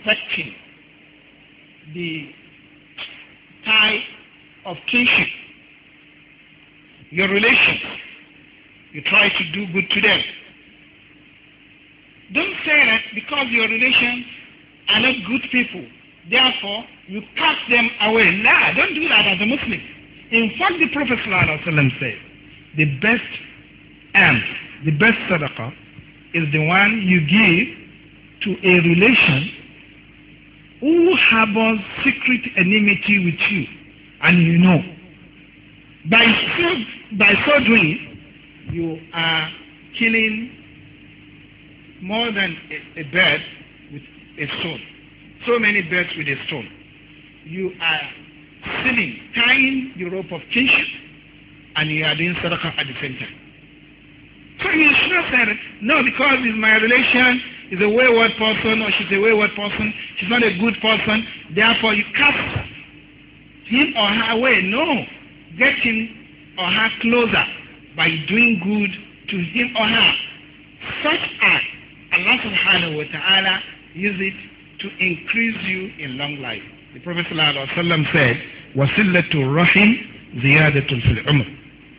affecting the tie of kinship, your relations. You try to do good to them. Don't say that because your relations are not good people, therefore you cast them away. Nah, don't do that as a Muslim. In fact, the Prophet ﷺ said, the best and the best sadaqah is the one you give to a relation who harbors secret enmity with you and you know by so by so doing you are killing more than a, a bird with a stone so many birds with a stone you are sinning tying the rope of kinship and you are doing sadaqah at the same time so you should have said no because it's my relation is a wayward person or she's a wayward person, she's not a good person, therefore you cast him or her away. No. Get him or her closer by doing good to him or her. Such as Allah subhanahu wa ta'ala use it to increase you in long life. The Prophet ﷺ said, وَسِلَّةُ الرَّحِمْ زِيَادَةٌ فِي الْعُمْرِ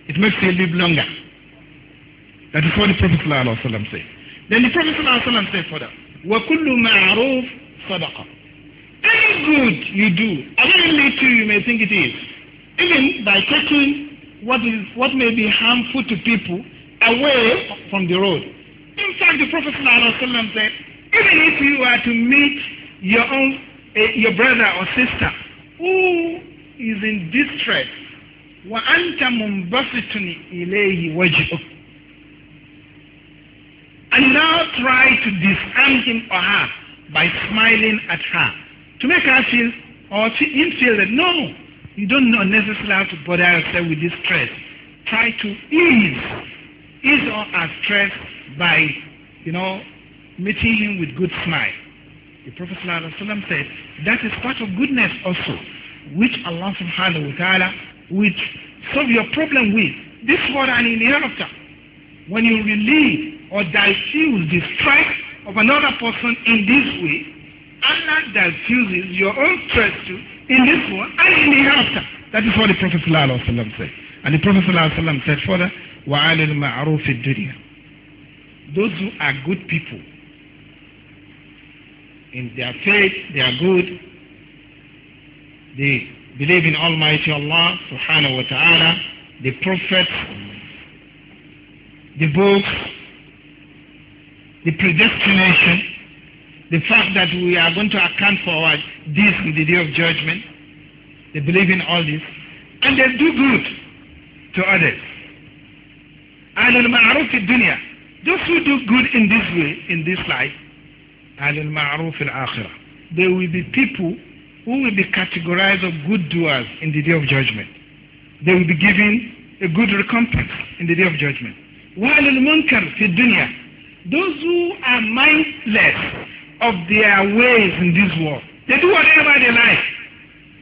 It makes you live longer. That is what the Prophet ﷺ said. Then the Prophet وسلم said further, وَكُلُّ مَعْرُوفٍ صَدَقَةٌ Any good you do, apparently little you may think it is, even by taking what is what may be harmful to people away from the road. In fact, the Prophet وسلم said, even if you are to meet your own uh, your brother or sister who is in distress, وَأَنْتَ مُنْبَسِطٌ إِلَيْهِ وَجْهُكَ and now try to disarm him or her by smiling at her to make her feel or him feel that no, you don't necessarily have to bother yourself with this stress. Try to ease ease on her stress by you know meeting him with good smile. The Prophet ﷺ said that is part of goodness also, which Allah subhanahu wa ta'ala will solve your problem with this world and in the hereafter. When you relieve or diffuse the strength of another person in this way, Allah diffuses your own stress too in this one and in the hereafter. That is what the Prophet ﷺ said. And the Prophet ﷺ said further, وَعَلَى الْمَعْرُوفِ الدُّنْيَا Those who are good people, in their faith, they are good, they believe in Almighty Allah subhanahu wa ta'ala, the prophets, the books, the predestination, the fact that we are going to account for our deeds in the day of judgment. They believe in all this. And they do good to others. And in ma'aruf dunya, those who do good in this way, in this life, and in ma'aruf al-akhirah, they will be people who will be categorized as good doers in the day of judgment. They will be given a good recompense in the day of judgment. وعلى المنكر في الدنيا Those who are mindless of their ways in this world, they do whatever they like.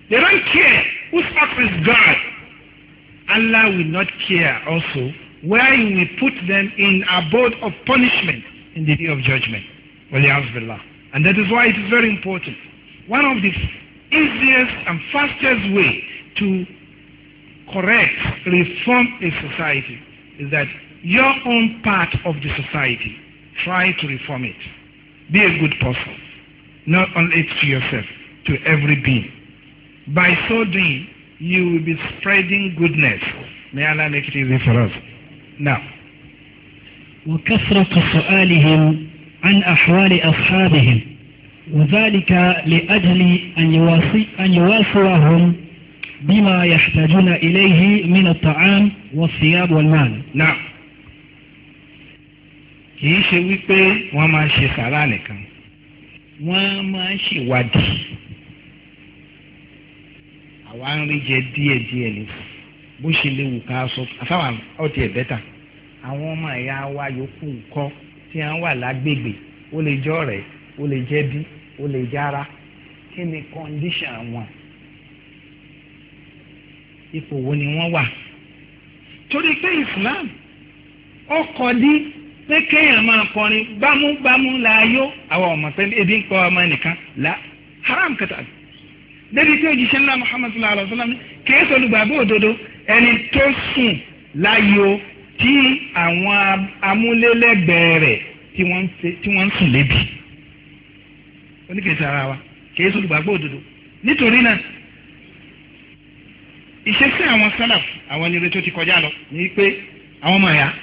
They don't care whose up is God. Allah will not care also where He will put them in abode of punishment in the day of judgment. And that is why it is very important. One of the easiest and fastest way to correct, reform a society is that your own part of the society Try to reform it. Be a good person, not only to yourself, to every being. By so doing, you will be spreading goodness. May Allah make it easy for us. Now. وكثرة سؤالهم عن أحوال أصحابهم وذلك لأجل أن, يواصي أن يواصلهم بما يحتاجون إليه من الطعام والثياب والمال. نعم. kì í ṣe wípé wọ́n máa ṣe sàrà nìkan wọ́n máa ṣèwádìí àwa ń rí jẹ díẹ̀ díẹ̀ ni bó ṣe lè wù ká sọ àfáwọn ọtí ẹ̀ bẹ́tà àwọn ọmọ ẹ̀yà wa yòókù kọ́ tí wọ́n wà lágbègbè ó lè jẹ́ ọ̀rẹ́ ó lè jẹ́ bí ó lè jára kí ni kọ́ndíṣàn wọn ipò wo ni wọ́n wà torí pé Islam ọkọ̀ dín pé kéèyàn máa kọrin gbámúgbámú láàyò àwọn ọmọ pé ebi ń kọ ọmọ nìkan la haram kẹta débi tí òjíṣẹ́ ńlá muhammadu sallallahu alayhi wa sallam kìí ṣolùgbàgbọ́ òdodo ẹni tó sùn láàyò tí àwọn amúlélẹ́gbẹ̀ẹ́ rẹ̀ tí wọ́n ń sùn lébi oníkèésì ara wa kìí ṣolùgbàgbọ́ dodo. nítorí náà ìṣesí àwọn sálàf àwọn ẹni rẹ tó ti kọjá lọ ní pé àwọn ọmọ ẹ̀yà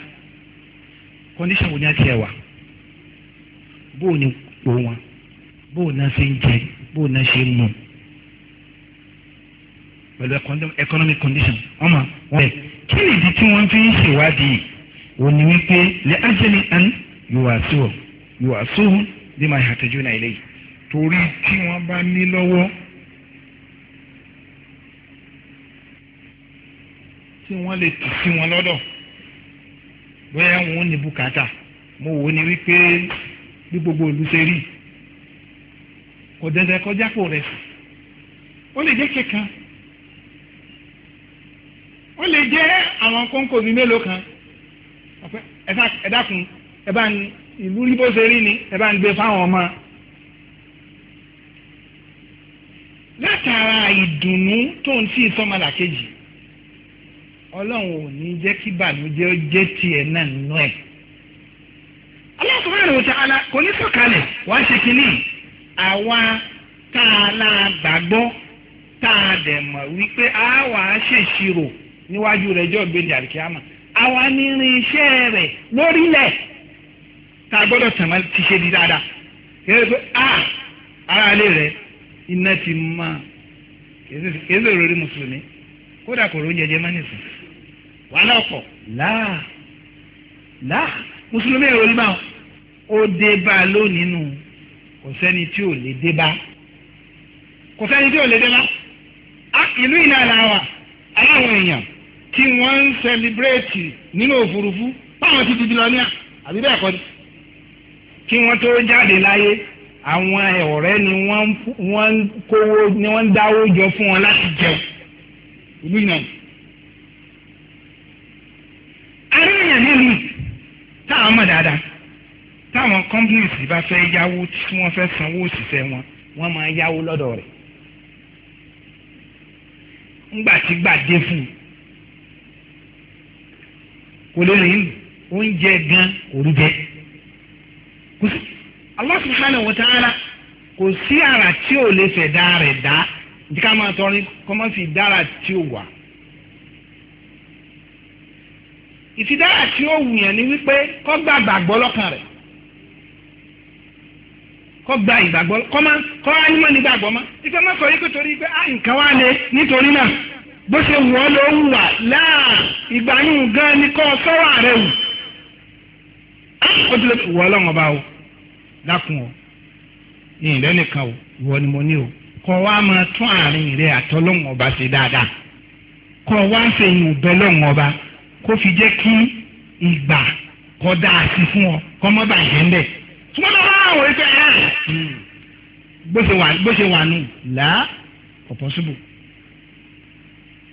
condition wo ni a ti ẹ̀ wà bó o ní po wọn bó o náà ṣe ń jẹ bó o náà ṣe ń mu pẹ̀lú economic condition ọmọ wọn bẹ̀ kí ni ìdí tí wọ́n fi ń ṣèwádìí wọ́n ní wípé lẹ́ ájẹ́lẹ̀ àn yóò àṣọ yóò àṣọ bí máa ṣàtẹ́jú náà ilé yìí torí tí wọ́n bá ní lọ́wọ́ tí wọ́n lè tù sí wọn lọ́dọ̀ bóyá wọn ò ní bùkátà mo wò ni wípé bí gbogbo ìlú ṣe rí kò dandan kọjá kò rẹ̀ sí ó lè jẹ́ kẹ̀kan ó lè jẹ́ àwọn kóńkó bíi mélòó kan ẹ dákun ẹ bá ń ìlú rí bó ṣe rí ni ẹ bá ń gbé fáwọn ọmọ látara ìdùnnú tó ń tí ìsọmọlà kejì ọlọ́run ò ní jẹ́ kí bànújẹ́ ó jẹ́ tiẹ̀ náà nínú ẹ̀. Allah subhanahu wa ta'ala kò ní sọ̀kalẹ̀ wá ṣe kínní àwa tá a la gbàgbọ́ tá a dẹ̀ mọ̀ wípé a wà á ṣèṣirò níwájú rẹ̀ jọ́ gbé jàrìkíámà àwa ní irinṣẹ́ rẹ̀ lórílẹ̀ tá a gbọ́dọ̀ tàn máa ti ṣe di dáadáa kéré pé a ara ilé rẹ̀ iná ti máa kèsè rẹ̀ rí mùsùlùmí kódà kò ló ń mọ́ nìsín wàhálà ọ̀pọ̀ láà láà mùsùlùmí èrò nígbà ó dé bá a lónìí nù kò sẹ́ni tí ò lè dé bá kò sẹ́ni tí ò lè dé bá ìlú ìlà làwà aláwọ̀ èèyàn tí wọ́n ń sẹlibrétì nínú òfurufú báwọn ti di bilọ́níà àbí bẹ́ẹ̀ kọ́ kí wọ́n tó jáde láyé àwọn ọ̀rẹ́ ni wọ́n ń kówó ni wọ́n ń dáwó jọ fún wọn láti jẹun ìlú ìnáyìí. náà nílùú táwọn mọ̀ dáadáa táwọn companies bá fẹ́ yáwó tí wọ́n fẹ́ sanwó òṣìṣẹ́ wọn wọ́n máa yáwó lọ́dọ̀ rẹ̀ ńgbà tí gbà dé fún un kò lè rìn oúnjẹ gan kò rí jẹ kò sí Allah subhanahu wa ta'ala kò sí àrà tí ò lè fẹ̀ dá rẹ̀ dá ká máa tọrin kọ́mọ́sì dára tí ò wà. ìfidára tí ó wùyàn ni wípé kó gba ìgbàgbọ́ lọ́kàn rẹ̀ kó gba ìgbàgbọ́ kó má kó ánímọ̀ nígbàgbọ́ má ìfẹ́ má sọ yìí pé torí pé ah, nǹkan wá lé nítorí náà bó ṣe wù ọ́ ló ń wà láà gan ni sọ́wọ́ rẹ̀ wù ah, ó ti lè wù ọ́ lọ́wọ́ bá o dákun o ní ìlẹ́nìkan o ni mo ní o kọ́ wa máa tún àárín rẹ̀ àtọ́lọ́wọ́ ọba ṣe dáadáa kọ́ wa ń ṣe kó fi jẹ́ kí ìgbà kọ́dá sí fún ọ kọ́ mọ́ bá ń bẹ̀. ṣùgbọ́n bá wà wọ́n ṣe ẹ̀ bó ṣe wà nù là kò síbò.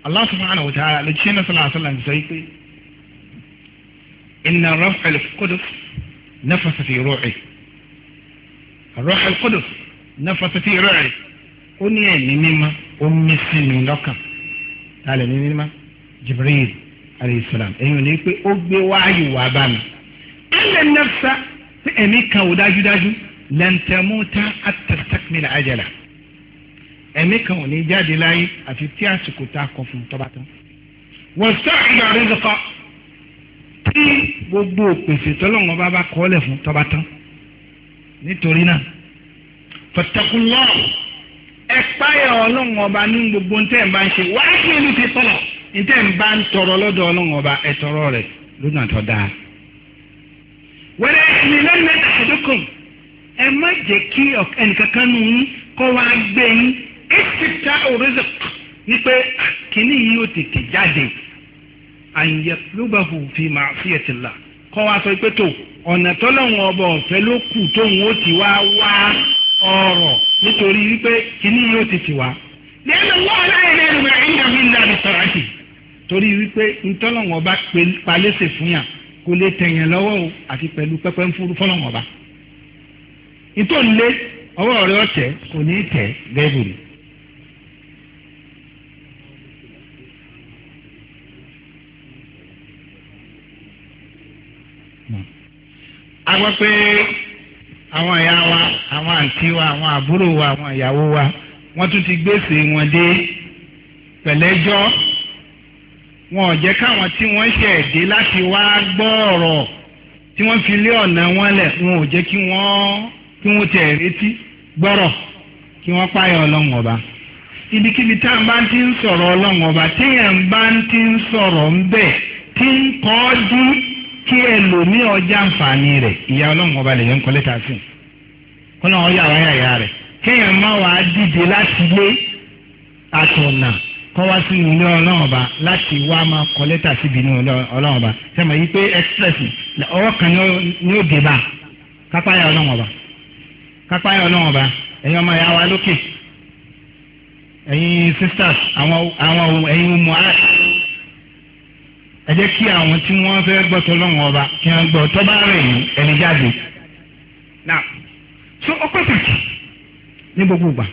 Allah fún wa ta'ala lè ṣe náà sọ̀rọ̀ àṣọ làǹtí sọ pé inna ruh al-qudus nafasa fi ruhi kọ́dọ̀ al-qudus nafasa fi ruhi ó ní ẹ̀mí mímá ó mí sínú lọ́kàn tálẹ̀ ní mímá Jibril alayhi salam ẹ̀yin ní pé ó gbé wáyé wá bá mi. alẹ́ nẹ́fṣà tí ẹ̀mí kan ò dájúdájú lẹ́ntẹ̀múta àtẹ̀sẹ̀kìmìlà àjẹlà ẹ̀mí kan ò ní jáde láyé àfi tí àsìkò tá a kọ fún tọ́ba tán. wọ́n sọ ìgbà rẹ̀ zọkọ tí gbogbo òpèsè tọ́lọ́wọ́n bá bá kọ́lẹ̀ fún tọ́ba tán nítorí náà fọ̀tẹ̀kùnlọ́ọ̀ ẹ̀ páyà ọlọ́wọ́n ọba ní gbogbo ntẹ́ ẹ̀ bá ń ṣe wàá ntẹ́ ń bá ń tọrọ lọ́dọ̀ ọlọ́run ọba ẹ tọrọ rẹ̀ lọ́nà tó dáa. wẹ́rẹ́ ẹni lẹ́nu ẹ̀ta àdókòm ẹ má jẹ́ kí ẹnìkankan nù yín kọ́ wá gbé yín ẹ ti ta òrìṣà ní pé ah, kínní yìí ó tètè jáde àyẹ̀ ló bá hù fi máa fi ẹ̀sìn là kọ́ wá sọ pé tó ọ̀nà tọ́lọ́run ọba ọ̀fẹ́ ló kù tóun ó ti wá wá ọ̀rọ̀ nítorí wípé kínní yìí ó tètè wá. lẹ́nu wọ́n láyé rẹ̀ ń dàbí ńlá mi sọ̀rọ̀ àti torí wípé ntọ́lọ́wọ́n bá palẹ́sẹ̀ fún yàn kò lè tẹ̀yàn lọ́wọ́ o àti pẹ̀lú pẹ́pẹ́ ń fúru fọ́lọ́wọ́n bá ntọ́nulé ọwọ́ rẹ ọ̀tẹ̀ kò ní tẹ̀ gẹ́gùrì. a pé àwọn ìyá wa àwọn àǹtí wa àwọn àbúrò wa àwọn ìyàwó wa wọ́n tún ti gbèsè wọn dé pẹ̀lẹ́jọ́. wọn ò jẹ́ káwọn tí wọ́n ṣe dé láti wá gbọ́ ọ̀rọ̀ tí wọ́n fi lé ọ̀nà wọn lẹ̀ wọn ò jẹ́ kí wọ́n kí wọ́n tẹ̀ retí gbọ́rọ̀ kí wọ́n páyọ̀ ọlọ́run ọba ibikíbi tá ń bá ti ń sọ̀rọ̀ ọlọ́run ọba téèyàn bá ti ìyá ọba lè yẹn ń kọ́ sí kọ́ wá sí ilé ọlọ́run ọba láti wá máa kọ lẹ́tà síbi inú ọlọ́run ọba sẹ́mi yìí pé express ọwọ́ kan ni ó dé bá kápáyà ọlọ́run ọba kápáyà ọlọ́run ọba ẹ̀yin ọmọ ìyá wa lókè ẹ̀yin sisters àwọn àwọn ẹ̀yin muhammed ẹ jẹ́ kí àwọn tí wọ́n fẹ́ gbọ́ tọ́lọ́run ọba kí wọ́n gbọ́ tọ́ba rẹ̀ yìí ẹni jáde náà so ó pàtàkì ní gbogbo ìgbà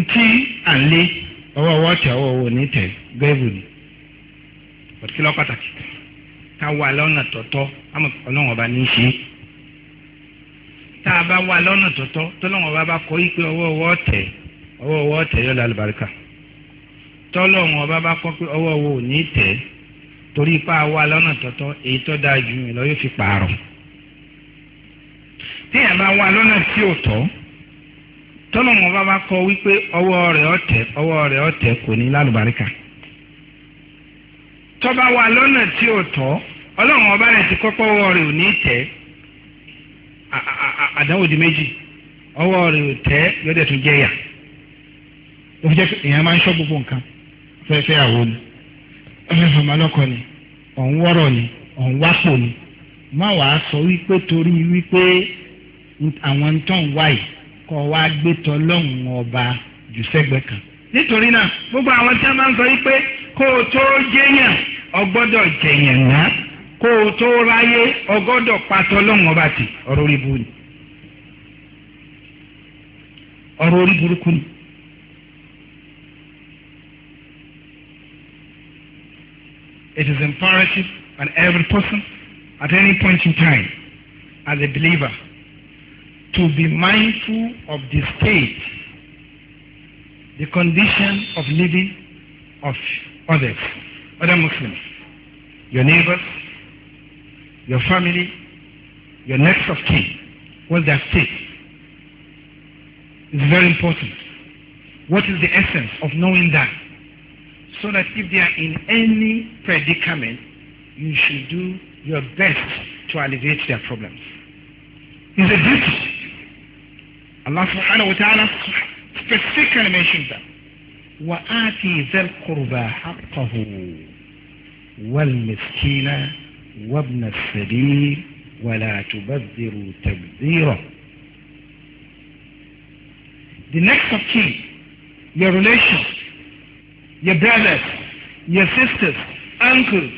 ntí à ń lé ọwọ́ ọwọ́ tẹ ọwọ́ ọwọ́ ní tẹ gẹ́gù ni ọ̀tíkìlọ́ pàtàkì ká wà lọ́nà tọ̀tọ̀ ọlọ́run ọba ní í ṣe tá a bá wà lọ́nà tọ̀tọ̀ tọ́lọ́run ọba bá kọ́ yí pé ọwọ́ ọwọ́ tẹ ọwọ́ ọwọ́ tẹ yọ̀ọ́ lálùbáríkà tọ́lọ́run ọba bá kọ́ pé ọwọ́ ọwọ́ ní tẹ torí ipá wà lọ́nà tọ̀tọ̀ èyí tó dáa ju ìlọ fi pààrọ̀ téèyàn bá wà lọ́nà tí ò tọ́ tọ́lọ́mọ bá bá kọ wípé ọwọ́ rẹ̀ ọ̀tẹ̀ ọwọ́ rẹ̀ ọ̀tẹ̀ kò ní lálùbáríkà tọ́ba wa lọ́nà tí ò tọ́ ọlọ́run ọba rẹ̀ ti kọ́kọ́ ọwọ́ rẹ̀ ò ní tẹ̀ àdánwò di méjì ọwọ́ rẹ̀ ò tẹ́ tún jẹ́ yà ó fi jẹ́ pé èèyàn máa ni ni wọ́rọ̀ ni wápò sọ wípé torí wípé àwọn ń kọ́ wa gbé tọ́lọ́hún ọba jù sẹ́gbẹ́ kan. nítorí náà gbogbo àwọn tí wọ́n máa ń sọ yìí pé kó o tó jẹ́yàn ọgbọ́dọ̀ jẹ̀yàn ná kó o tó ráyé ọgọ́dọ̀ pa tọ́lọ́hún ọba tì ọ̀rọ̀ orí burú ni. ọ̀rọ̀ orí burúkú ni. It is imperative on every person at any point in time as a believer to be mindful of the state, the condition of living of others, other Muslims, your neighbors, your family, your next of kin. they their state? It's very important. What is the essence of knowing that? So that if they are in any predicament, you should do your best to alleviate their problems. It's a duty Allah subhanahu wa ta'ala specifically mentioned that. وآتي ذا القربى حقه والمسكين وابن السبيل ولا تبذروا تبذيرا The next of key your relations, your brothers, your sisters, uncles,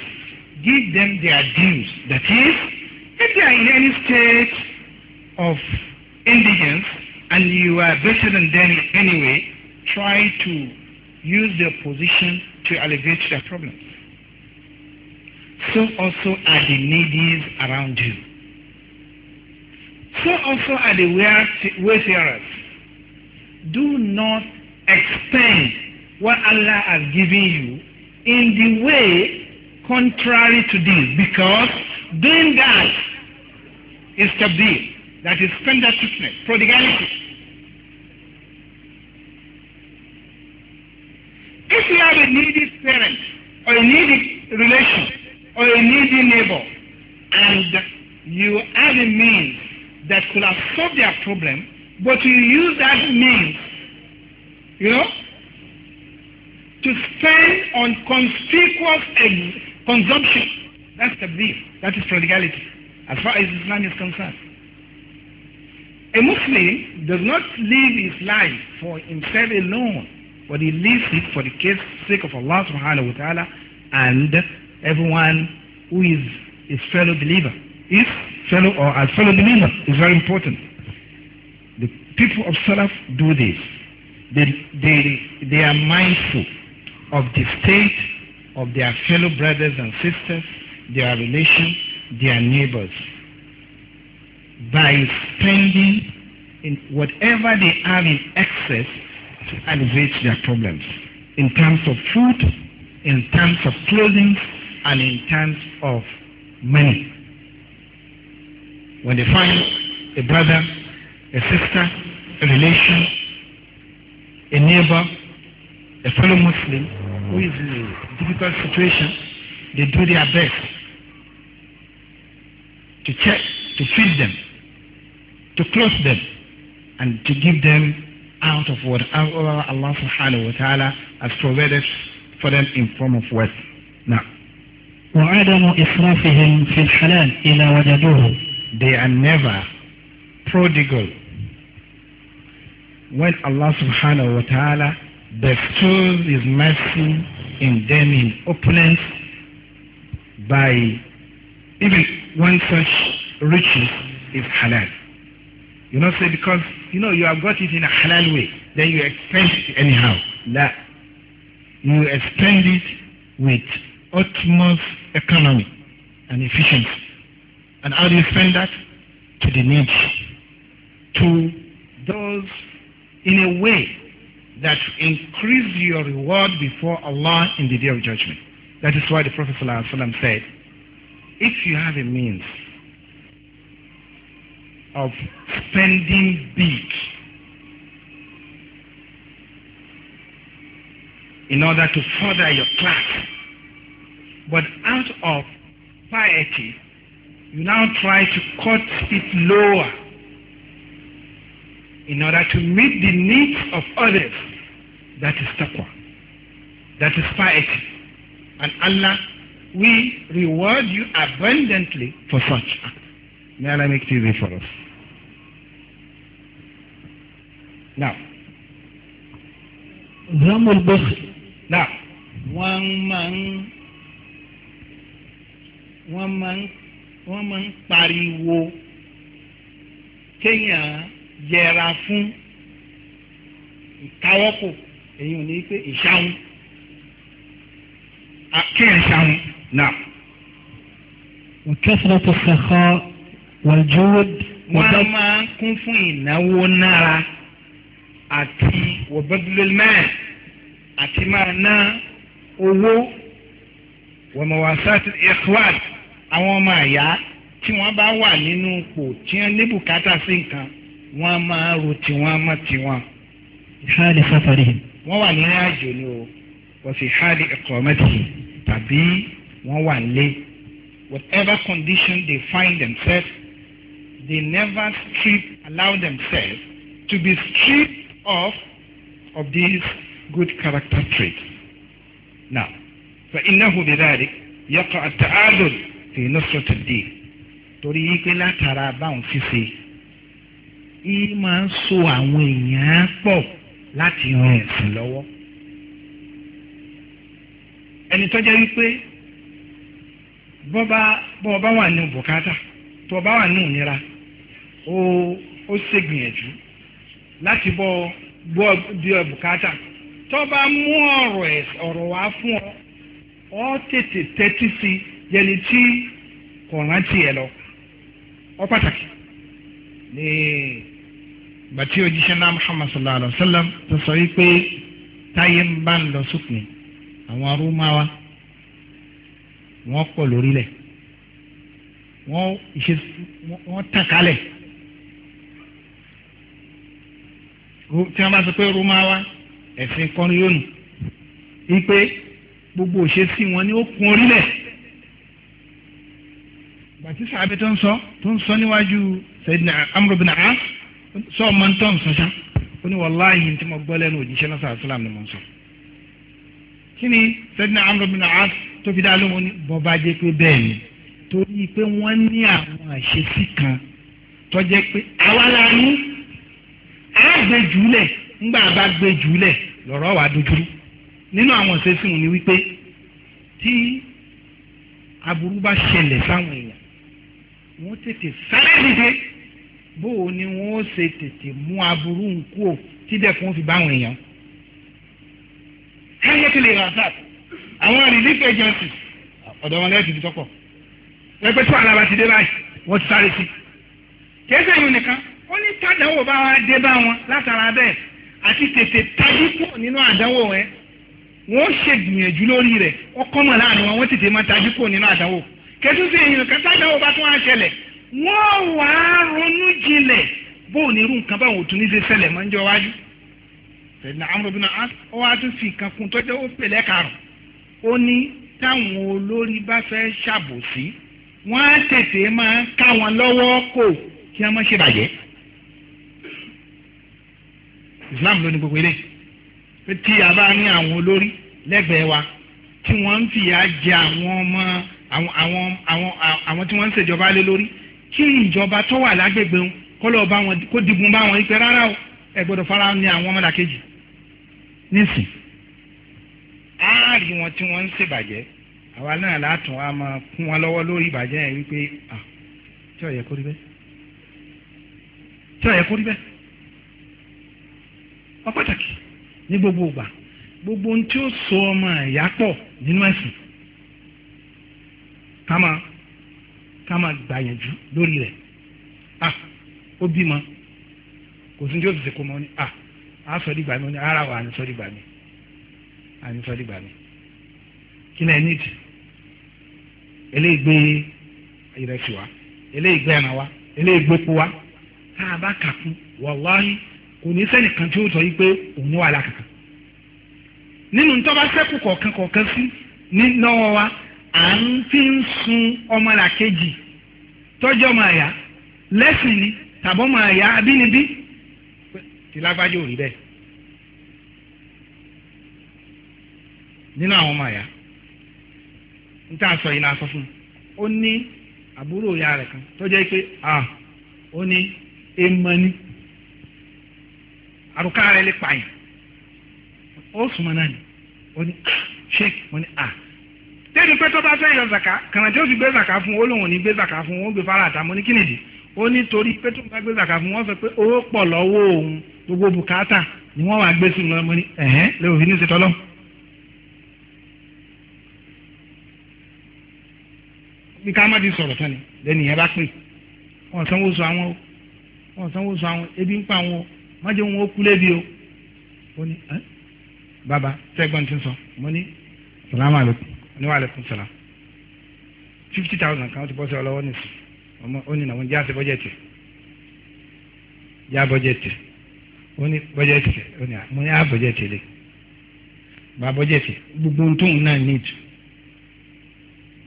give them their dues. That is, if they are in any state of indigence, and you are better than them anyway, try to use their position to alleviate their problems. So also are the needies around you. So also are the wayfarers. Do not expend what Allah has given you in the way contrary to this because doing that is tabdeel. That is spendaciousness, prodigality. If you have a needy parent, or a needy relation, or a needy neighbor, and you have a means that could have solved their problem, but you use that means, you know, to spend on conspicuous consumption. That's the belief. That is prodigality, as far as Islam is concerned. A Muslim does not live his life for himself alone, but he lives it for the sake of Allah subhanahu wa ta'ala and everyone who is his fellow believer. His fellow or as fellow believer is very important. The people of Salaf do this. They, they, they are mindful of the state of their fellow brothers and sisters, their relations, their neighbors by spending in whatever they have in excess to alleviate their problems in terms of food, in terms of clothing, and in terms of money. When they find a brother, a sister, a relation, a neighbor, a fellow Muslim who is in a difficult situation, they do their best to check, to feed them, to close them and to give them out of whatever Allah subhanahu wa ta'ala has provided for them in form of wealth. Now, وعدم إسرافهم في الحلال إذا وجدوه They are never prodigal when Allah subhanahu wa ta'ala bestows His mercy in them in opulence by even one such riches is halal. You not say because, you know, you have got it in a halal way, then you expend it anyhow. No. You expend it with utmost economy and efficiency. And how do you spend that? To the needs. To those in a way that increase your reward before Allah in the day of judgment. That is why the Prophet ﷺ said, if you have a means of spending big in order to further your class. But out of piety, you now try to cut it lower in order to meet the needs of others. That is taqwa. That is piety. And Allah, we reward you abundantly for such act. May Allah make it easy for us. نعم ذم البخل نعم ومن ومن ومن طاريو كيا جرافون كاوكو ايون ني بي ايشام اكي ايشام نعم وكثرة السخاء والجود ومن كن فينا ونرى àti wọ̀bẹ́dúlẹ́mẹ́ àti máa ná owó wọ̀mọ̀wàsá ẹ̀kúwàd àwọn ọmọ àyá tí wọ́n bá wà nínú ipò tí wọ́n ní bùkátà sí nǹkan wọ́n máa ro tiwọn mọ́ tiwọn. ìhálẹ̀ sáfàrí. wọ́n wà ní àjò ni o wọ́n fi hálẹ̀ ẹ̀kọ́ mẹ́tì tàbí wọ́n wà lé. whatever condition they find themselves they never strip allow themselves to be stripped off of these good character traits. Now, فإنه بذلك يقع التعاذل في نصرة الدين torí pé látara báwọn fi ṣe yìí máa ń so àwọn èèyàn pọ̀ láti ran ẹ̀sìn lọ́wọ́ ẹni tó jẹ́ wípé bọ́ba bọ́ba wà ní bùkátà tó bá wà ní òmìnira ó ṣègbìyànjú láti bọ́ gbọ́ bí ọ bùkátà tó bá mú ọ̀rọ̀ ẹ̀ ọ̀rọ̀ wá fún ọ ọ tètè tẹ́tí sí yẹni tí kò rántí ẹ lọ ọ pàtàkì ní bàtí òjíṣẹ́ náà Muhammad sallallahu alayhi wa sallam tó sọ wípé táyé ń bá ń lọ sópin àwọn arúmáwá wọ́n pọ̀ lórílẹ̀ wọ́n tàn kálẹ̀. tí wọ́n bá sọ pé romawa ẹ̀sìn kan lónìí wípé gbogbo òṣèṣì wọn ni ó kun orílẹ̀ bàtísà abẹ tó ń sọ tó ń sọ níwájú sẹ́dínà Amr bin As sọ ọmọ ń tọ́ ń sọ ṣá ó ní wàláhì tí mo gbọ́ lẹ́nu òjíṣẹ́ náà sàrà sílám ni mo ń sọ. kí ni sẹ́dínà Amr bin As tó fi dá lóhùn ní bọ́ba jẹ́ pé bẹ́ẹ̀ ni torí pé wọ́n ní àwọn àṣesí kan tó pé àwa la á gbé jùlẹ̀ ńgbà bá gbé jùlẹ̀ lọ́rọ̀ wà dojúrú nínú àwọn ìṣesìn ni wípé tí aburú bá ṣẹlẹ̀ sáwọn èèyàn wọ́n tètè sáré dìde bó o ni wọ́n ṣe tètè mú aburú nkú o tí dẹ́kun fi báwọn èèyàn. káyọ̀ tó lè rà sáà àwọn relief agencies ọ̀dọ̀ wọn lẹ́yìn tuntun tọ́pọ̀ wọ́n pẹ́ tí wàhálà bá ti dé báyìí wọ́n ti sáré sí. kì í nìkan tàdánwò bá wa dé bá wọn látara bẹ́ẹ̀ àti tètè tají kúrò nínú àdánwò ẹ wọ́n ṣègbìyànjú lórí rẹ̀ ọkọ́ mọ̀ láàrin wọn wọ́n tètè máa tají kúrò nínú àdánwò kẹtùsí èèyàn kan tàdánwò bá tún wá ṣẹlẹ̀ wọ́n wà á ronú jinlẹ̀ bóun ní irú nǹkan báwọn ò tún ní ṣe ṣẹlẹ̀ máa ń jọ wájú sẹ̀dínà amúròbínà ó wá tún fi nǹkan kun tó jẹ́ ó pèlẹ́ karùn ó ní táwọn olórí bá fẹ́ ṣàbòsí wọ́n á tètè máa ká wọn lọ́wọ́ kò kí wọ́n má ṣe bàjẹ́ islam ló ní gbogbo ilé tí a bá ní àwọn olórí lẹ́gbẹ̀ẹ́ wa tí wọ́n ń fìyà jẹ àwọn ọmọ àwọn àwọn àwọn àwọn tí wọ́n ń ṣèjọba lé lórí kí ìjọba tó wà lágbègbè wọn kó lọ́ọ́ bá wọn kó digun bá wọn ipe rárá o ẹ gbọ́dọ̀ fara ní àwọn ọmọlàkejì nísìn áàrí wọn tí wọ́n ń ṣèbàjẹ́ àwa náà látún wa máa kún wọn lọ́wọ́ lórí ìbàjẹ́ yẹn wípé ah tí ò yẹ kó tí ò yẹ kó wọ́n pàtàkì ní gbogbo ìgbà gbogbo ohun tí ó sọ ọmọ ẹ̀yà pọ̀ nínú ẹ̀sìn ká máa ká máa gbàyànjú lórí rẹ̀ ah ó bímọ kò sí ní ó sì kó mọ́ ní ah á sọ dìgbà mi ó ní ara wa sọ dìgbà mi sọ dìgbà mi kí ni ẹ eléyìí gbé ìrẹsì wa eléyìí gbé wa wa tá a bá kà fún kò ní sẹ́nìkan tí ó sọ yí pé òun ní wàhálà kankan nínú tọ́ba sẹ́kù kọ̀ọ̀kan kọ̀ọ̀kan sí nínáwó wa à ń fi ń sun ọmọlàkejì tọ́jọ́ máa yá lẹ́sìn ni tàbọ́ máa yá abínibí tí lágbájá ò rí bẹ́ẹ̀ nínú àwọn ọmọ yá n tá a sọ yìí náà sọ fún un ó ní àbúrò ìyá rẹ̀ kan tó jẹ́ pé ah ó ní èèmọ̀ ni. àrùká rẹ̀ lè pààyàn ó sùnmọ́ náà ni ó ní ah, sheik ó ní a ah. tẹ́lẹ̀ pé tó bá fẹ́ yọ zaka kànáàtì ó sì gbé zaka fún ó lóun ní gbé zaka fún ó gbé fara àtà mo ní kí nìdí ó ní torí pé tó bá gbé zaka fún wọ́n sọ pé owó pọ̀ lọ́wọ́ òun gbogbo bùkátà ni wọ́n wàá gbé sùn lọ mo ní ẹ̀hẹ́n lè òfin ní ṣe tọ́lọ́. bí ká má ti sọ̀rọ̀ tán ni lẹ́nu ìyẹn bá pè wọ́n sanwó sọ àwọn wọ́n sanwó sọ àwọn ebi ń pa àwọn o má jẹ́ wọn ó kú lébi o ó ní ẹ́ bàbá tẹ́gbọ́n ti sọ mo ní salaamaleykum ní wàhálà fún sọlá fifty thousand kan ti bọ́ sí ọ lọ́wọ́ nìsí ọmọ ó ní nàwọn já sí bọ́jẹ̀tì já bọ́jẹ̀tì ó ní bọ́jẹ̀tì ó ní mo ní á bọ́jẹ̀tì gbogbo ohun náà need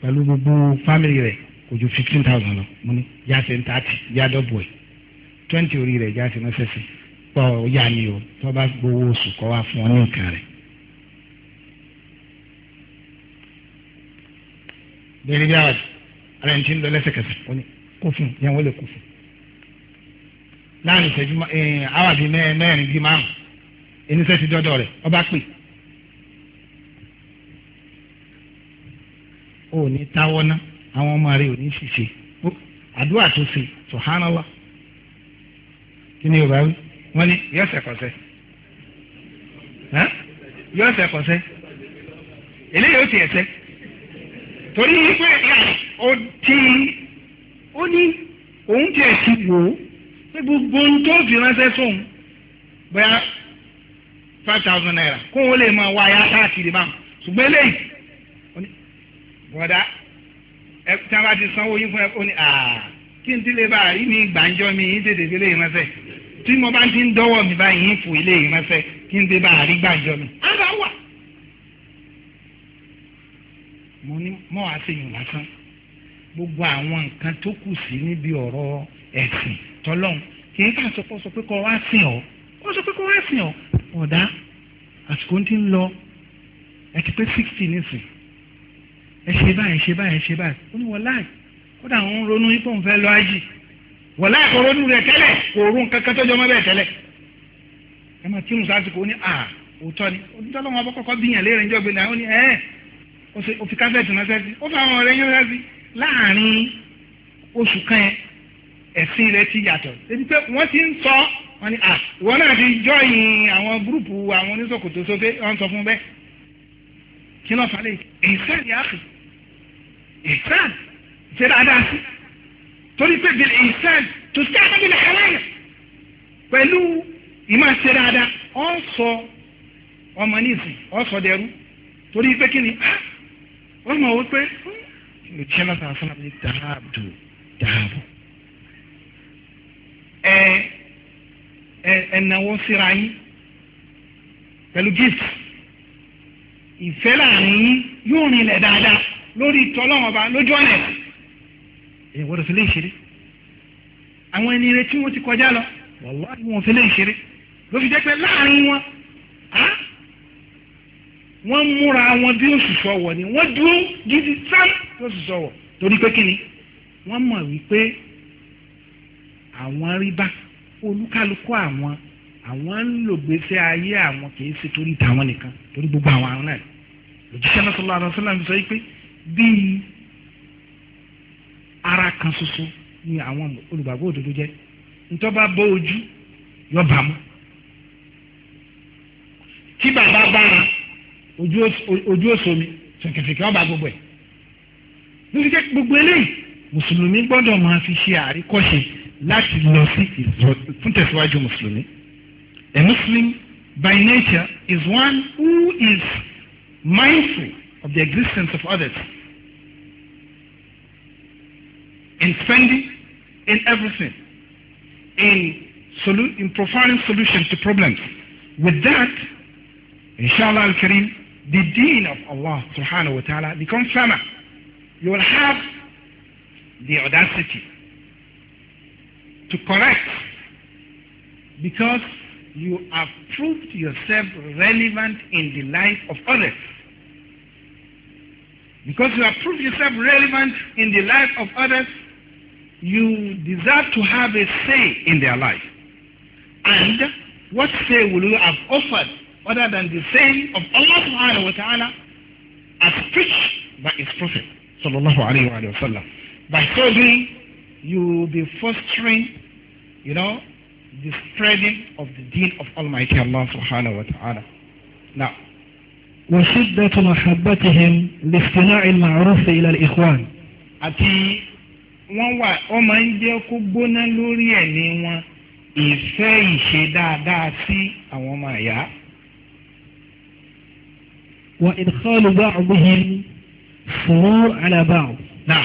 pẹ̀lú gbogbo family rẹ̀ kò fifteen thousand lọ mo ní já sí thirty já dọ́bù twenty orí rẹ̀ já sí pọ̀ ọ̀yà mi o tó bá gbowó oṣù kọ́ wá fún ọ ní nǹkan rẹ̀. lórí bí àwọn ara ẹni tí ń lọ lẹ́sẹ̀kẹsẹ̀ ó ní kó fún un yẹn wọ́n lè kó fún un. láàrin ìṣẹ́jú àwà eh, bíi mẹ́rin bíi márùn-ún ẹnisẹ́ ti dọ́dọ̀ rẹ̀ ọba pè. ó ní táwọ́ ná àwọn ọmọ rẹ̀ ò ní ṣiṣẹ́ àdúrà tó ṣe sọ̀hánà kí ni yorùbá wí wọ́n ní yóò ṣẹ̀kọ̀ṣẹ́ yóò ṣẹ̀kọ̀ṣẹ́ eléyìí ó ti ẹ̀ṣẹ́ torí wípé ó ti ó ní òun ti ẹ̀sìn wò ó pé gbogbo ohun tó fi ránṣẹ́ sóun bóyá five thousand naira kó o lè máa wá ya káàkiri báwọn ṣùgbọ́n eléyìí bọ̀dá ẹ tí a bá ti sanwó yín fún ẹ ó ní kí n ti lè bá rí mi gbàǹjọ́ mi yín tètè fi lè ránṣẹ́ tí mo bá ti ń dọ́wọ́ mi báyìí ń fò ilé ìránṣẹ́ kí n dé bá àrí gbàjọ mi. a bá wà. mo ní mọ́ wá sí yorùbá tán gbogbo àwọn nǹkan tó kù sí níbi ọ̀rọ̀ ẹ̀sìn tọ́lọ́hún kì í kà sọ sọ pé kọ́ wá sìn ọ́ ó sọ pé kọ́ wá sìn ọ́ ọ̀dà àsìkò ti ń lọ ẹ ti pé sixty nísìn ẹ ṣe báyìí ẹ ṣe báyìí ẹ ṣe báyìí ó ní wọ́n láì kódà ń ronú ipò ń fẹ́ lọ ájì wọ̀lá ẹ̀kọ́rọ́ nù rẹ̀ tẹ́lẹ̀ kò rún kankan tó jọmọ́ bẹ́ẹ̀ tẹ́lẹ̀ ẹ máa kírun sásìkò ó ní à òótọ́ ni òótọ́ lọ́wọ́ ọbọ̀ kọ́kọ́ bíyàn léèrè ńjọ́ gbélé àwọn ní ẹ̀ ó fi kásẹ̀tì ránṣẹ́ sí ó fáwọn ọ̀rẹ́ yín ránṣẹ́ sí láàárín oṣù kan yẹn ẹ̀sìn rẹ̀ ti yàtọ̀ ebi pé wọ́n ti ń sọ wọn ni à ìwọ náà ti jọyìn àwọn gúrùpù àwọn oníṣòkòtò sófé wọn sọ fún bẹ́ẹ̀ kí lọ́ọ́ falẹ̀ ìsẹ́ẹ̀lì àkè ìsẹ́ẹ̀lì ìṣẹ́ dáadáa sí torí pé bèrè ìsàn tó sí àtàbílẹ̀ aláyà pẹ̀lú ìmáṣe dáadáa ọ̀ sọ ọmọ nísìn ọ̀ sọ dẹrú torí pé kí ni wọ́n ah! mọ̀ wípé òjíṣẹ́ náà sàn fúnra mi dáàbò dáàbò ẹ ẹ ẹnáwó síra yín pẹ̀lú gift ìfẹ́ láàrin yín yóò rinlẹ̀ dáadáa lórí tọ́lọ́mọba lójú ọ̀nà ẹ̀sìn èyí gbọ́dọ̀ fi lé ìṣeré àwọn ẹni rẹ tí wọ́n ti kọjá lọ wàláhì wọn fi lé ìṣeré ló fi jẹ́ pé láàrin wọn wọ́n múra wọn bí òṣìṣọ́ wọ̀ ni wọ́n dúró gidi sán bí òṣìṣọ́ wọ̀ torí pé kíni wọ́n mọ̀ wípé àwọn rí bá olúkálukú àwọn àwọn ń lò gbèsè ayé àwọn kìí ṣe torí tàwọn nìkan torí gbogbo àwọn àrùn náà lòjíṣẹ́ náà sallallahu alaihi wasallam sọ pé bíi ara kan ṣoṣo ni àwọn olùgbàgbọ́ òdodo jẹ́ ntọ́ba bọ́ ojú yọ bá mu tí bàbá bára ojú òsomi ṣèkèfèkè ọba gbogbo ẹ̀ lórí jẹ́ gbogbo eléyìí mùsùlùmí gbọ́dọ̀ máa fi ṣe àríkọ́ṣe láti lọ sí fún tẹ̀síwájú mùsùlùmí a muslim by nature is one who is mindful of the existence of others in spending, in everything, in, solu- in providing solutions to problems. With that, inshallah al-kareem, the deen of Allah subhanahu wa ta'ala becomes firmer. You will have the audacity to correct because you have proved yourself relevant in the life of others. Because you have proved yourself relevant in the life of others, you deserve to have a say in their life. And what say will you have offered other than the saying of Allah subhanahu wa ta'ala as preached by His Prophet sallallahu alayhi wa sallam. By so doing, you will be fostering, you know, the spreading of the deen of Almighty Allah subhanahu wa ta'ala. Now, وشدة محبتهم لاصطناع المعروف إلى الإخوان. àti wọ́n wà wọ́n máa ń jẹ́ kó gbóná lórí ẹ̀mí wọn ìfẹ́ ìṣe dáadáa sí àwọn ọmọ àyà. wà ìdíkọ́lù bá ọgbọ́n fòrò àlàbà ọ̀. nà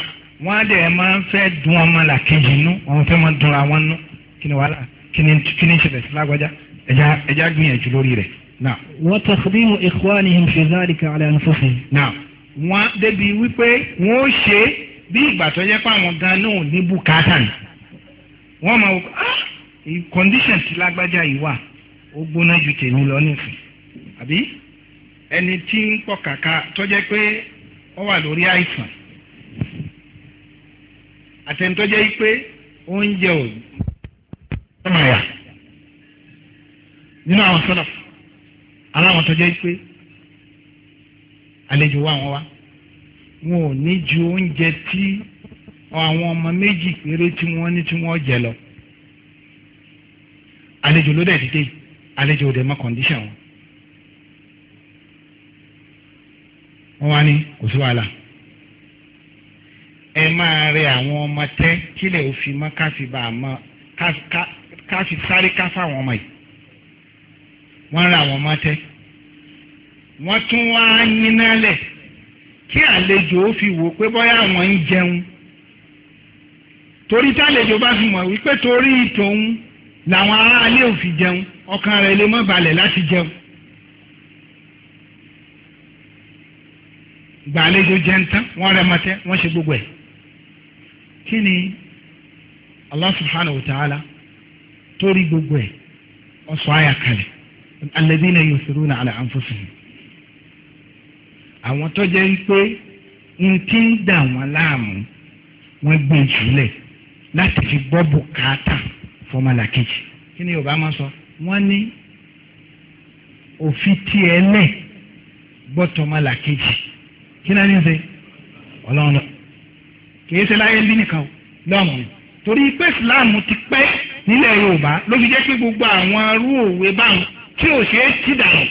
wọ́n á dẹ̀ máa ń fẹ́ dun ọmọ làkejì nú wọ́n fẹ́ máa dunra wọn nú kí ni wàhálà kí ni kí ni ṣẹlẹ̀ sí lágbájá ẹ̀já gbìyànjú lórí rẹ̀. nà wọ́n tàkìdímù ìkọ́ni ìfẹ́ záàlì kàlẹ́ àǹfọ̀fẹ́. nà wọ́n débi wípé wọ́n ṣe é. bí ìgbà tó yẹ pé àwọn gan náà ní bùkátà ni wọn máa wò ah condition ti lágbájá yìí wà ó gbóná ju tèmi lọ àbí ẹni tí ń pọ kàkà tó pé ó wà lórí àìsàn àtẹnudọ́jẹ́ pé oúnjẹ ò nínú àwọn aláwọn tó pé àlejò wà wọn ò ní ju oúnjẹ tí àwọn ọmọ méjì péré tí wọ́n ní tí wọ́n jẹ lọ àlejò ló dẹ̀ dìde àlejò ò dẹ̀ mọ kọ̀ǹdíṣàn wọn. wọ́n wá ní kò sí wàhálà ẹ máa rẹ àwọn ọmọ tẹ́ kílẹ̀ òfin mọ́ káfíbà mọ́ káfí sáré káfá àwọn ọmọ yìí wọ́n ra àwọn ọmọ tẹ́ wọ́n tún wá yín nálẹ̀ kí àlejò ó fi wò pé bóyá àwọn ń jẹun torí tálejò bá fi mọ̀ wípé torí tòun làwọn aráalé ò fi jẹun ọkàn rẹ̀ lè mọ́ balẹ̀ láti jẹun. gbàlejò jẹun tán wọ́n rẹ mọ́tẹ́ wọ́n ṣe gbogbo ẹ̀ kí ni Allah subhanahu wa ta'ala torí gbogbo ẹ̀ ọ̀sọ̀ àyà kalẹ̀ alladhina yusiruna ala anfusihim. àwọn tó jẹ́ pé n ti ń dà wọ́n láàmú wọ́n gbé ìsúlẹ̀ láti fi gbọ́ bùkátà fọmọlàkejì kí ni yorùbá máa sọ wọ́n ní òfin tiẹ̀ lẹ̀ gbọ́ tọmọlàkejì kí náà ní ṣe ọlọ́run lọ kì í ṣe láyé bí nìkan lọ́run torí pé ìsìláàmù ti pẹ́ nílẹ̀ yorùbá ló fi jẹ́ pé gbogbo àwọn arú òwe báwọn tí ò ṣeé ti dànù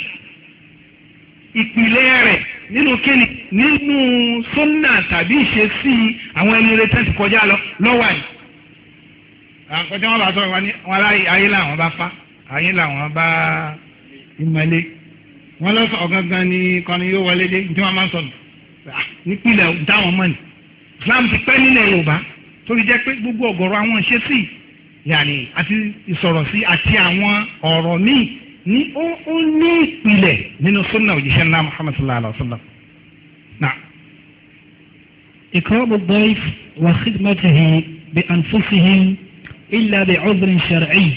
ìpìlẹ̀ rẹ̀ nínú kíni nínú súnà tàbí ìṣesí àwọn ẹni rẹ tẹ́sí kọjá lọ lọ́wọ́ àyè. àkọjá wọn bá sọ wọn ní wọn ayé làwọn bá fa ayé làwọn bá ìmọ̀lé wọn lọ́sọ̀ ọ̀gángan ni kọ́ni yóò wọlé dé nítorí wọn máa ń ah, nípìnlẹ̀ dáwọn mọ́ ni Islam ti pẹ́ nílẹ̀ Yorùbá torí jẹ́ pé gbogbo ọ̀gọ̀rọ̀ àwọn ìṣesí yàní àti ìsọ̀rọ̀ sí àti àwọn ọ̀rọ̀ míì ní ó ní ìpìlẹ̀ nínú sunna òjíṣẹ́ ńlá muhammad sallallahu alayhi wa sallam. إكرام الضيف وخدمته بأنفسهم إلا بعذر شرعي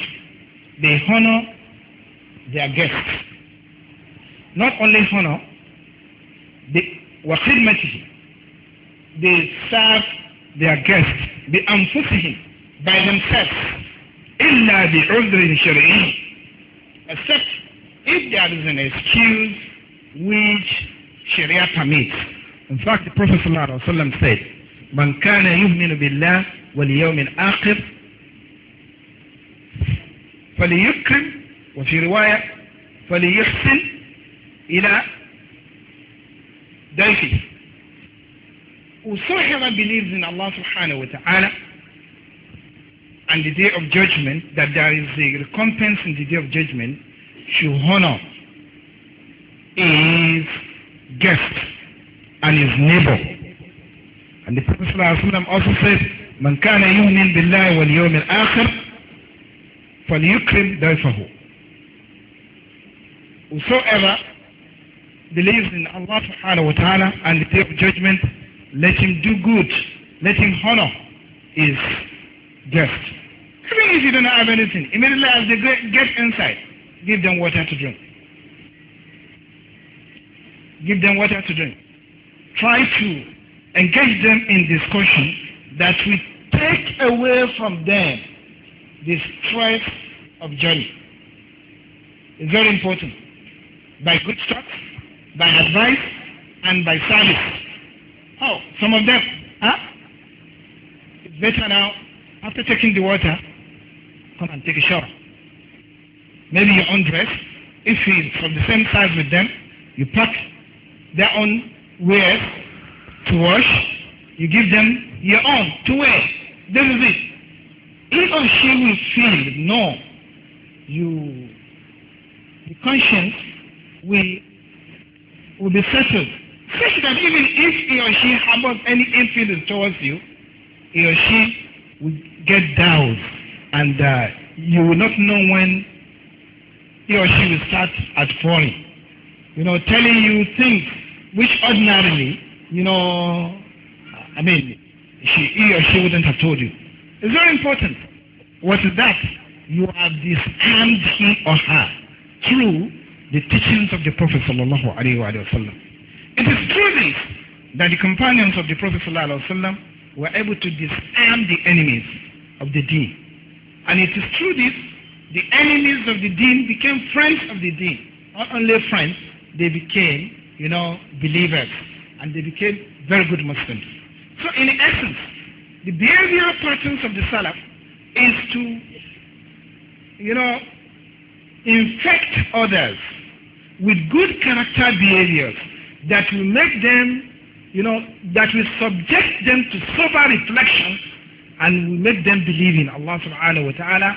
They honor their guests. Not only honor, they وخدمته They serve their guests بأنفسهم by themselves إلا بعذر شرعي except if there is an excuse which Sharia permits. In fact, the Prophet ﷺ said, من كان يؤمن بالله واليوم الآخر فليكرم وفي رواية فليحسن إلى ضيفه. Whosoever believes in Allah subhanahu wa ta'ala and the day of judgment, that there is a recompense in the day of judgment, should honor his guest and his neighbor. And the Prophet ﷺ also said, من كان يؤمن بالله واليوم الآخر فليكرم ضيفه. Whosoever believes in Allah subhanahu wa ta'ala and the day of judgment, let him do good, let him honor his guest if you don't have anything, immediately as they get inside, give them water to drink. Give them water to drink. Try to engage them in discussion that will take away from them the stress of journey. It's very important. By good talks, by advice, and by service. Oh, some of them, huh? It's better now, after taking the water, come and take a shower. Maybe your own dress. If you're from the same size with them, you pack their own wear to wash. You give them your own to wear. This is it. He or she will feel, no, you, the conscience will, will be settled. Such that even if he or she harbors any ill feelings towards you, he or she will get doused and uh, you will not know when he or she will start at falling. You know, telling you things which ordinarily, you know, I mean, she, he or she wouldn't have told you. It's very important. What is that? You have disarmed him or her through the teachings of the Prophet sallallahu alaihi wasallam. It is through this that the companions of the Prophet sallallahu alaihi wasallam were able to disarm the enemies of the deen. And it is through this, the enemies of the deen became friends of the deen. Not only friends, they became, you know, believers. And they became very good Muslims. So in essence, the behavioral patterns of the Salaf is to, you know, infect others with good character behaviors that will make them, you know, that will subject them to sober reflection and we make them believe in Allah subhanahu wa ta'ala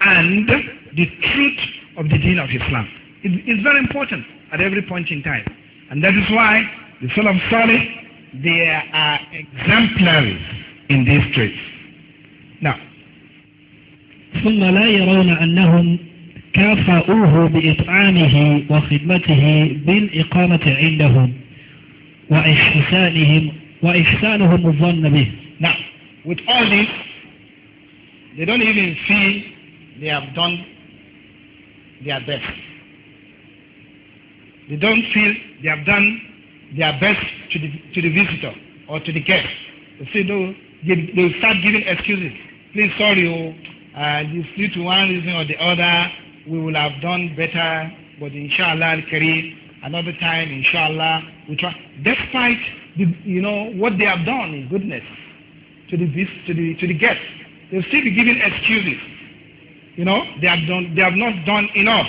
and the truth of the deen of Islam. it's very important at every point in time. And that is why the Salaf Salih, they are exemplaries in these traits. Now, ثم لا يرون أنهم كافأوه بإطعامه وخدمته بالإقامة عندهم وإحسانهم وإحسانهم الظن به With all this, they don't even feel they have done their best. They don't feel they have done their best to the, to the visitor or to the guest. They say, no, they, they start giving excuses. Please, sorry, oh, uh, this due to one reason or the other, we will have done better, but inshallah, Kareem, another time, inshallah, we try. Despite, the, you know, what they have done in goodness to the to the to the guests. They'll still be giving excuses. You know, they have done they have not done enough.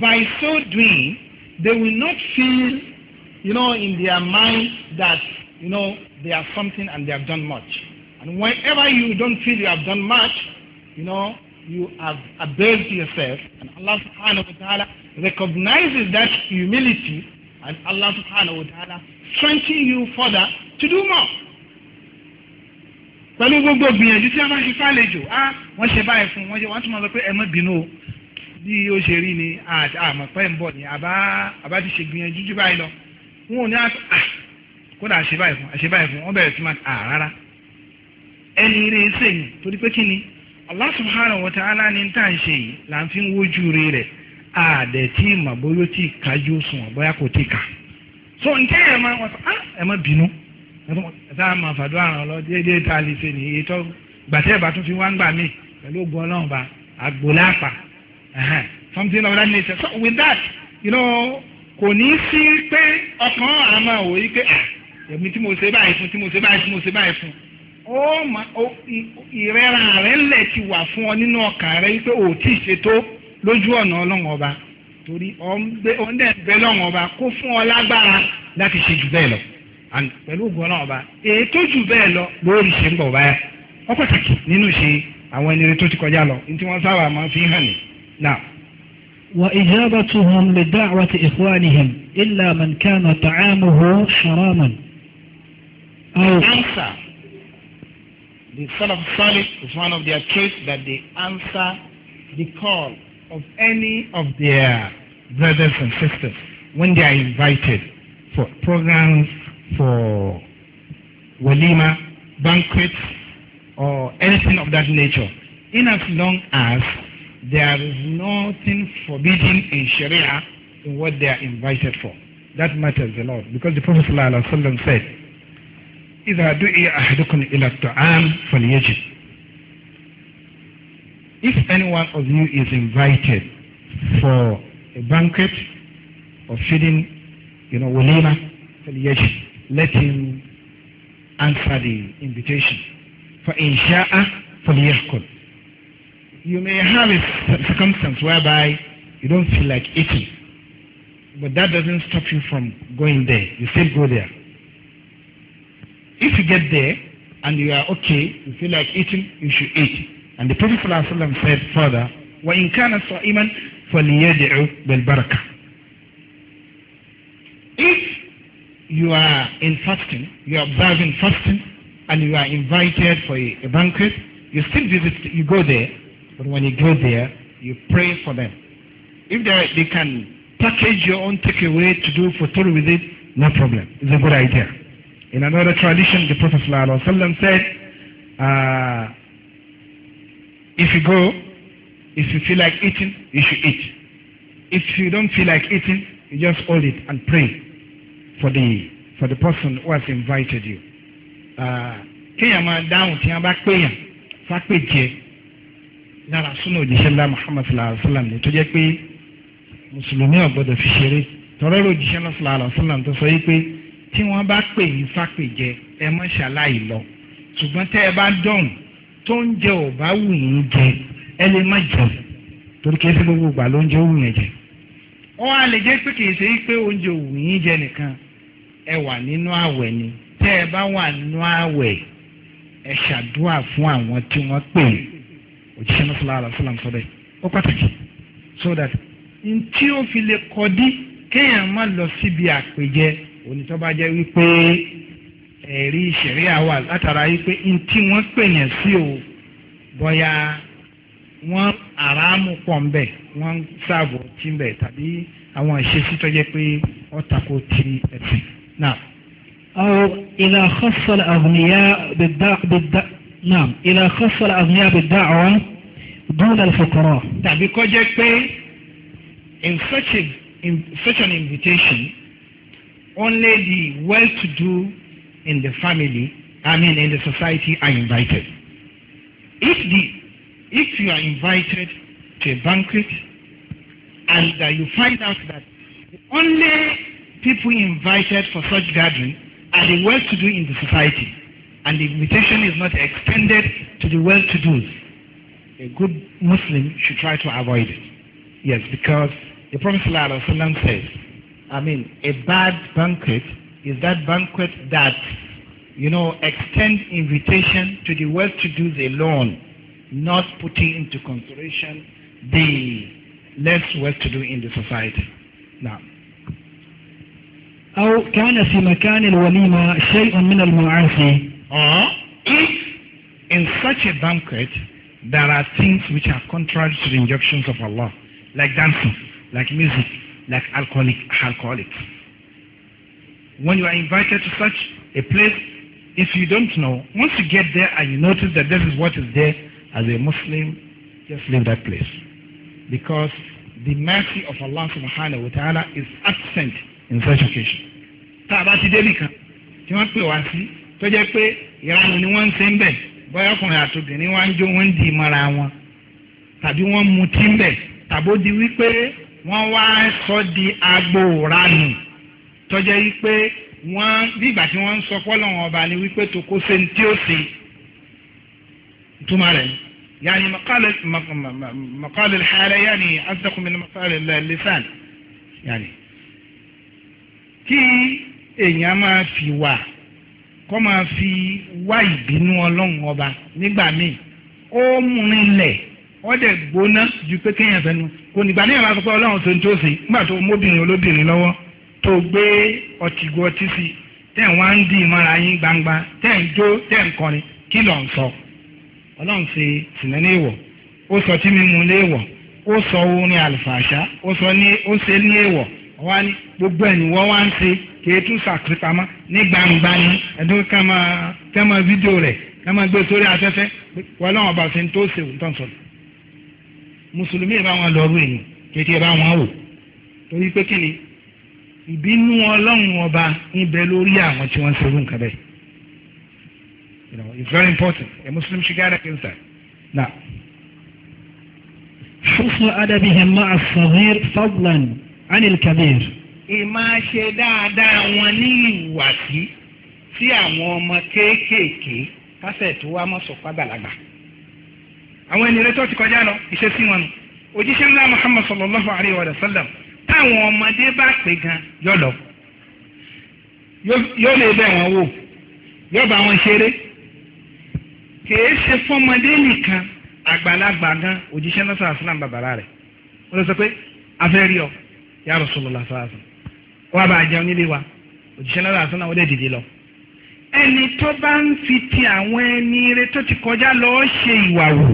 By so doing, they will not feel, you know, in their mind that you know they are something and they have done much. And whenever you don't feel you have done much, you know, you have abased yourself. And Allah subhanahu wa ta'ala recognizes that humility and Allah subhanahu wa ta'ala strengthens you further to do more pẹ̀lú gbogbo gbìyànjú tí a máa ń fi fàlejò á wọ́n ṣe báyìí fún wọ́n ṣe wọ́n tún máa sọ pé ẹ má bínú o bí ó ṣe rí ni àmọ́ pẹ́ ń bọ̀ ni àbá ti ṣe gbìyànjú jù báyìí lọ wọn ò ní àtọ́ ah, kódà àṣẹ báyìí fún àṣẹ báyìí fún wọ́n bẹ̀rẹ̀ sí máa à rárá ẹni rẹ̀ ń sèyìn torí pé kí ni Allah subhanahu wa ta'ala ni tá à ń ṣe yìí là ń fi ń wojú rẹ̀ àdẹ̀ tí màbóyó tí kájú sùn àbóyá kò tí kà so ntẹ́yẹ̀ máa wọ́n sọ ah ẹ má ẹ̀sà àmọ̀ fàdúrà ràn lọ déédéé tá a lè ṣe nìyí tó gbàtẹ́ ìbá tó fi wá ń gbà mí pẹ̀lú ògùn ọlọ́run bá àgbò lápá something of that nature so with that you know kò ní sí pé ọkàn àmọ́ òye pé èmi tí mo ṣe báyìí fún tí mo ṣe báyìí fún mo ṣe báyìí fún ó ma ìrẹ́ra rẹ̀ ńlẹ̀ ti wà fún ọ nínú ọkàn rẹ̀ wípé ò tí ì ṣètò lójú ọ̀nà ọlọ́run ọba torí ọ̀ ń bẹ lọ́run ọba kó fún ọ lágbára láti ṣe jù bẹ́ẹ̀ lọ pẹ̀lú ògùn ọlọ́run ọba ètò jù bẹ́ẹ̀ lọ lórí ṣe ń bọ̀ báyà ó pàtàkì nínú ṣe àwọn ẹni tó ti kọjá lọ ní tí wọ́n sábà máa fi hàn ní. وإجابتهم لدعوة إخوانهم إلا من كان طعامه حراما أو answer the Salaf Salih is one of their traits that they answer the call of any of their brothers and sisters when they are invited for programs for walima, banquet, or anything of that nature, in as long as there is nothing forbidden in Sharia in what they are invited for. That matters a lot because the Prophet ﷺ said, إذا دعي أحدكم إلى الطعام فليجب. If any one of you is invited for a banquet or feeding, you know, walima, فليجب let him answer the invitation. For insha'a falyakul. You may have a circumstance whereby you don't feel like eating, but that doesn't stop you from going there. You still go there. If you get there and you are okay, you feel like eating, you should eat. And the Prophet ﷺ said further, وَإِنْ كَانَ صَائِمًا فَلْيَدْعُ بِالْبَرَكَةِ If you are in fasting, you are observing fasting, and you are invited for a, a banquet, you still visit, you go there, but when you go there, you pray for them. If they, they can package your own takeaway to do futur with it, no problem. It's a good idea. In another tradition, the Prophet ﷺ said, uh, if you go, if you feel like eating, you should eat. If you don't feel like eating, you just hold it and pray. for the for the person who has invited you. Ah, kéèyàn máa dáhùn tí wọ́n bá péyàn fápèjẹ lára súnà òjíṣẹ́ ńlá muhammad sallallahu alayhi wa sallam ni tó jẹ́ pé mùsùlùmí ò gbọ́dọ̀ fi ṣeré tọ́lọ́ ló jíṣẹ́ ńlá sallallahu alayhi wa sallam tó sọ yìí pé tí wọ́n bá pè yín fápèjẹ ẹ mọ́ ṣàlàyé lọ ṣùgbọ́n tẹ́ ẹ bá dọ̀hùn tó ń jẹ ò bá wù yín jẹ ẹ lè má jẹ torí kí ẹ fi gbogbo ìgbà ló ń yẹn jẹ. ó wá pé kì í ṣe pé oúnjẹ ò yín jẹ nìkan ẹ wà nínú àwẹ̀ ni tẹ́ ẹ bá wà nínú àwẹ̀ ẹ ṣàdúrà fún àwọn tí wọ́n pè é òjíṣẹ́ náà fúnra rẹ̀ fúnra sọ́dọ̀ ó pàtàkì so that n tí ó fi lè kọdí kéèyàn má lọ síbi àpèjẹ onítọ́ba jẹ́ wípé ẹ̀rí ìṣẹ̀ríà wà látara wípé n tí wọ́n pè yẹn sí o bọ́yá wọ́n àràámù pọ̀ ń bẹ̀ wọ́n ń sáàbò tí ń bẹ̀ tàbí àwọn ìṣesí tó pé ó ti ẹ̀sìn. نعم أو إذا خص الأغنياء بالدع... بالدع... نعم إذا خص الأغنياء بالدعوة دون الفقراء tàbí kó jẹ́ in such a in such an invitation only the well-to-do in the family I mean in the society are invited if the if you are invited to a banquet and uh, you find out that the only people invited for such gathering are the well-to-do in the society, and the invitation is not extended to the well-to-dos. A good Muslim should try to avoid it. Yes, because the Prophet ﷺ says, I mean, a bad banquet is that banquet that, you know, extends invitation to the well-to-dos alone, not putting into consideration the less well-to-do in the society. Now, أو كان في مكان الوليمة شيء من المعاصي or if in such a banquet there are things which are contrary to the injunctions of Allah like dancing like music like alcoholic alcoholics when you are invited to such a place if you don't know once you get there and you notice that this is what is there as a Muslim just leave that place because the mercy of Allah subhanahu wa ta'ala is absent in such occasion. tá a bá ti débì kan tí wọ́n pè wá sí tó jẹ́ pé ìranù ni wọ́n ń ṣe ń bẹ̀ bóyá ọkùnrin àtòbìnrin wá ń jó wọ́n ń di ìmọ̀ra wọn tàbí wọ́n mu tí ń bẹ̀ tàbó di wípé wọ́n wá sọ di agbo ìranù tó jẹ́ wípé wọ́n bí ìgbà tí wọ́n ń sọ pọ́lọ́wọ́n ọba ni wípé tòkó ṣe ní tí ó ṣe túmọ̀ rẹ̀ yàní mọ̀kálẹ̀ mọ̀kálẹ̀ xaarẹ̀ yàní asdaqu min mọ̀kálẹ̀ lisan yàní kí èèyàn máa fi wà kọ́ máa fi wá ìbínú ọlọ́run ọba nígbà míì ó múrinlẹ̀ ó dẹ̀ gbóná ju pé kéèyàn fẹnu kò nígbà ní ìyàrá sọpọ́ ọlọ́run tó ń tó sí nígbà tó móbìnrin olóbìnrin lọ́wọ́ tó gbé ọtìgú ọtí sí tẹ̀ ń wá ń dì mọ́ra yín gbangba tẹ̀ ń jó tẹ̀ ń kọrin kí ló sọ ọlọ́run ṣe tìǹẹ́ ní ìwọ̀ ó sọ tí mímu ní ìwọ̀ ó sọ orin àlùfàṣà ó sọ ní ó ṣe ní ìwọ̀ wá ní gbogbo ẹ̀ ní wọ́n wá ń ṣe kìí tún ṣàkópamọ́ ní gbangba ni ẹ̀dùn ká máa ká máa fídíò rẹ̀ ká máa gbé sórí afẹ́fẹ́ wọ́n láwọn ọba fi ń tó ṣe òun tán sọ̀rọ̀ mùsùlùmí ẹ̀ bá wọn lọ rú èyí kéèké ẹ̀ bá wọn wò torí pé kí ìbínú ọlọ́run ọba ń lórí àwọn tí wọ́n ń ṣerú nǹkan bẹ́ẹ̀ it's very important a muslim should get against that now. حسن أدبهم مع الصغير فضلا anil kabir. ìmáa ṣe dáadáa wọn ní ìwàsí sí àwọn ọmọ kéékèèké kásẹ̀ tó wá mọ́sọ̀ pàgbàlagbà. àwọn ènìyàn tó ti kọjá lọ ìṣesí wọn òjíṣẹ́ ńlá muhammad sallallahu alayhi wa sallam táwọn ọmọdé bá pè gan yọlọ yóò lè bẹ̀ wọ́n wò yóò bá wọn ṣeré kìí ṣe fọmọdé nìkan àgbàlagbà gan òjíṣẹ́ náà sọ̀rọ̀ sílám bàbàrà rẹ̀ ó lọ sọ pé afẹ́ rí ọ ya Rasulullah sàásù wà bá jẹun nílé wa òjíṣẹ́ náà sàásù náà wọ́n lè dìde lọ. ẹni tó bá ń fi ti àwọn ẹni rẹ tó ti kọjá lọ ṣe ìwà wò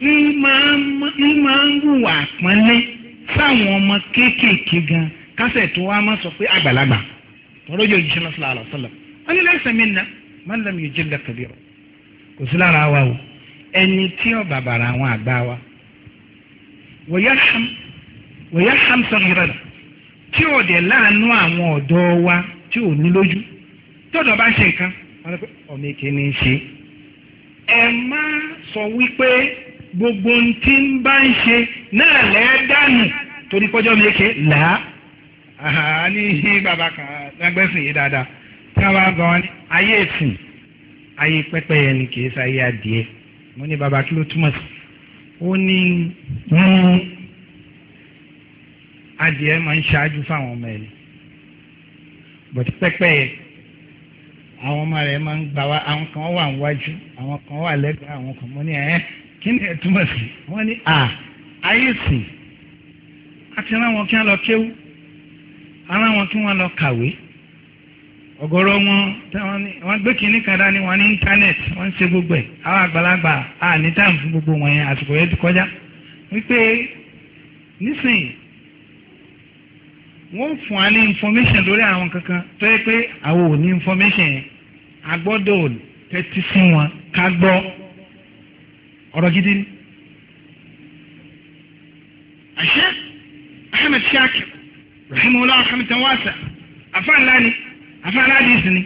ń máa ń hùwà pọ́nlé sáwọn ọmọ kéékèèké gan kásẹ̀ tó wá máa sọ pé àgbàlagbà tọ́rọ́ yóò jíṣẹ́ náà sallallahu alaihi wasallam wọ́n ní laysa minna man lam yujilla kabira kò sí lára wa o ẹni tí ó àwọn àgbà wa wa yarham wòye hamsan ìrẹ̀lẹ̀ tí ò dẹ̀ láàánú àwọn ọ̀dọ́ wa tí ò ní lójú tọ́dọ̀ bá ṣe nǹkan wọn lọ pé ọmọ èké ni í ṣe. ẹ má sọ wípé gbogbo ohun tí ń bá ń ṣe náà lẹ́ẹ̀ dànù torí pọ́jọ́ mi èké là á ní bàbá kan lágbẹ́sìn yìí dáadáa tí wọ́n bá ń bọ̀ ayé ìsìn ayé pẹ́pẹ́yẹ ni kì í ṣe ayé adìẹ mo ní bàbá kí ló túmọ̀ sí ó ní adìẹ máa ń ṣáájú fáwọn ọmọ ẹ̀ bọ̀dé pẹ́pẹ́yẹ àwọn ọmọ rẹ̀ máa ń gbà wá àwọn kan wà níwájú àwọn kan wà lẹ́gbẹ̀ẹ́ àwọn kan mọ́ ní ẹ̀ kí ni ẹ̀ túmọ̀ sí wọ́n ní à ayé sì àti ara wọn kí wọ́n lọ kéwú ara kí wọ́n lọ kàwé ọ̀gọ̀rọ̀ wọn wọ́n gbé kínní kan dání wọ́n ní íńtánẹ́ẹ̀tì wọ́n ń ṣe gbogbo ẹ̀ àwọn àgbàlagbà à táàmù fún gbogbo wọn yẹn àsìkò yẹn ti kọjá wípé nísìnyí wọ́n fún wa ní information lórí àwọn kankan tó yẹ pé àwọn ò ní information yẹn a gbọ́dọ̀ tẹ́tí sí wọn ká gbọ́ ọ̀rọ̀ gidi ni. àṣẹ ahmed shakir rahimahullah hamdan wasa afaanla ni afaanla diisi ni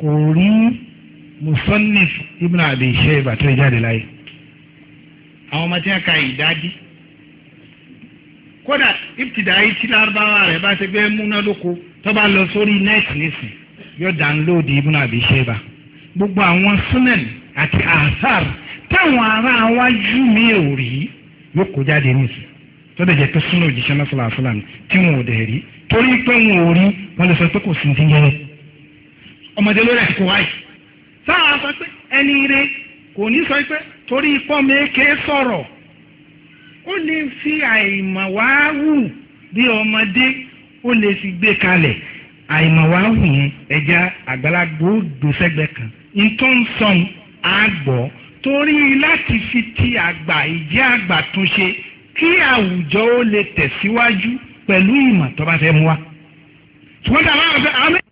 kò rí musannif ibn abi shayba tó jáde láyé àwọn ọmọ tí wọn ka ìdádí kódà ìbùtìdáyé tí lárúbáwá rẹ̀ bá ṣe gbé múnádóko tó bá lọ sórí nẹ́ẹ̀tì nísìn yóò dánlóòdì ibùn àbí ṣẹ́bà gbogbo àwọn súnẹ̀n àti àṣàr táwọn ará wájú mi ò rí yóò kó jáde nísìn tó dẹ̀ jẹ́ pé súnà òjíṣẹ́ mọ́sálà fúlà mi tí wọn ò dẹ̀ rí torí pé wọn ò rí wọn lè sọ pé kò sí ti yẹn ọmọdé lórí àti kò sáà sọ pé ẹni ire kò ní sọ pé torí pọ́n mi ké sọ̀rọ̀ ó lè fi àìmọ̀ wá wù bí ọmọdé ó lè fi gbé kalẹ̀ àìmọ̀ wá wù yẹn ẹja àgbàlagbà ó dòṣẹ́gbẹ́ kan nǹkan ń sọ̀n àgbọ̀ torí láti fi ti àgbà ìjẹ́ àgbà túnṣe kí àwùjọ ó lè tẹ̀síwájú pẹ̀lú ìmọ̀ tó bá fẹ́ mú wa. ṣùgbọ́n tí a máa ń sọ àwọn.